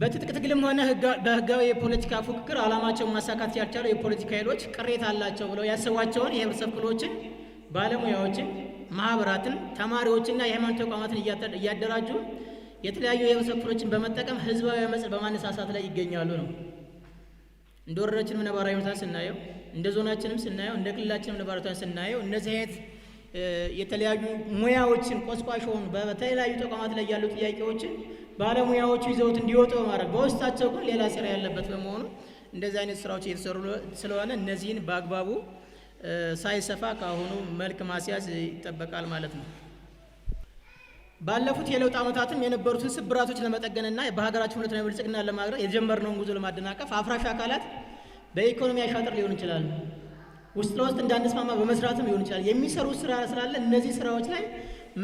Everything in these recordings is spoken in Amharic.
በትጥቅ ትግልም ሆነ በህጋዊ የፖለቲካ ፉክክር አላማቸውን ማሳካት ያልቻሉ የፖለቲካ ኃይሎች ቅሬታ አላቸው ብለው ያሰቧቸውን የህብረተሰብ ክፍሎችን፣ ባለሙያዎችን፣ ማህበራትን፣ ተማሪዎችና የሃይማኖት ተቋማትን እያደራጁ የተለያዩ የህብረተሰብ ክፍሎችን በመጠቀም ህዝባዊ አመጽ በማነሳሳት ላይ ይገኛሉ ነው። እንደ ወረዳችንም ነባራዊ ሁኔታ ስናየው እንደ ዞናችንም ስናየው እንደ ክልላችንም ነባራዊ ሁኔታ ስናየው እነዚህ አይነት የተለያዩ ሙያዎችን ቆስቋሽ ሆኑ በተለያዩ ተቋማት ላይ ያሉ ጥያቄዎችን ባለሙያዎቹ ይዘውት እንዲወጡ በማድረግ በውስጣቸው ግን ሌላ ስራ ያለበት በመሆኑ እንደዚህ አይነት ስራዎች እየተሰሩ ስለሆነ እነዚህን በአግባቡ ሳይሰፋ ከአሁኑ መልክ ማስያዝ ይጠበቃል ማለት ነው። ባለፉት የለውጥ ዓመታትም የነበሩትን ስብራቶች ለመጠገንና በሀገራችን ሁለንተናዊ ብልጽግና ለማድረግ የጀመርነውን ጉዞ ለማደናቀፍ አፍራሽ አካላት በኢኮኖሚ አሻጥር ሊሆን ይችላል፣ ውስጥ ለውስጥ እንዳንስማማ በመስራትም ሊሆን ይችላል የሚሰሩ ስራ ስላለ እነዚህ ስራዎች ላይ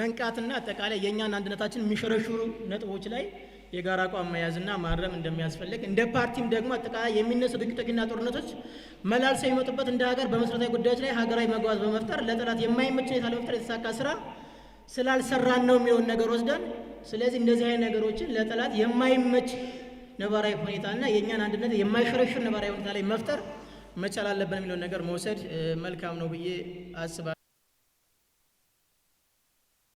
መንቃትና አጠቃላይ የእኛን አንድነታችን የሚሸረሽሩ ነጥቦች ላይ የጋራ አቋም መያዝና ማረም እንደሚያስፈልግ እንደ ፓርቲም ደግሞ አጠቃላይ የሚነሱ ግጭቶችና ጦርነቶች መላልሰው የሚመጡበት እንደ ሀገር በመሰረታዊ ጉዳዮች ላይ ሀገራዊ መጓዝ በመፍጠር ለጠላት የማይመች ሁኔታ ለመፍጠር የተሳካ ስራ ስላልሰራን ነው የሚሆን ነገር ወስደን፣ ስለዚህ እንደዚህ አይነት ነገሮችን ለጠላት የማይመች ነባራዊ ሁኔታና የእኛን አንድነት የማይሸረሽር ነባራዊ ሁኔታ ላይ መፍጠር መቻል አለብን የሚለውን ነገር መውሰድ መልካም ነው ብዬ አስባለሁ።